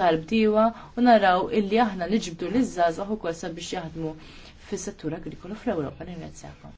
tal-bdiewa u naraw illi aħna niġbdu l u kol sabiex jaħdmu fis-settur agrikolu fl-Ewropa. Ringrazzjakom.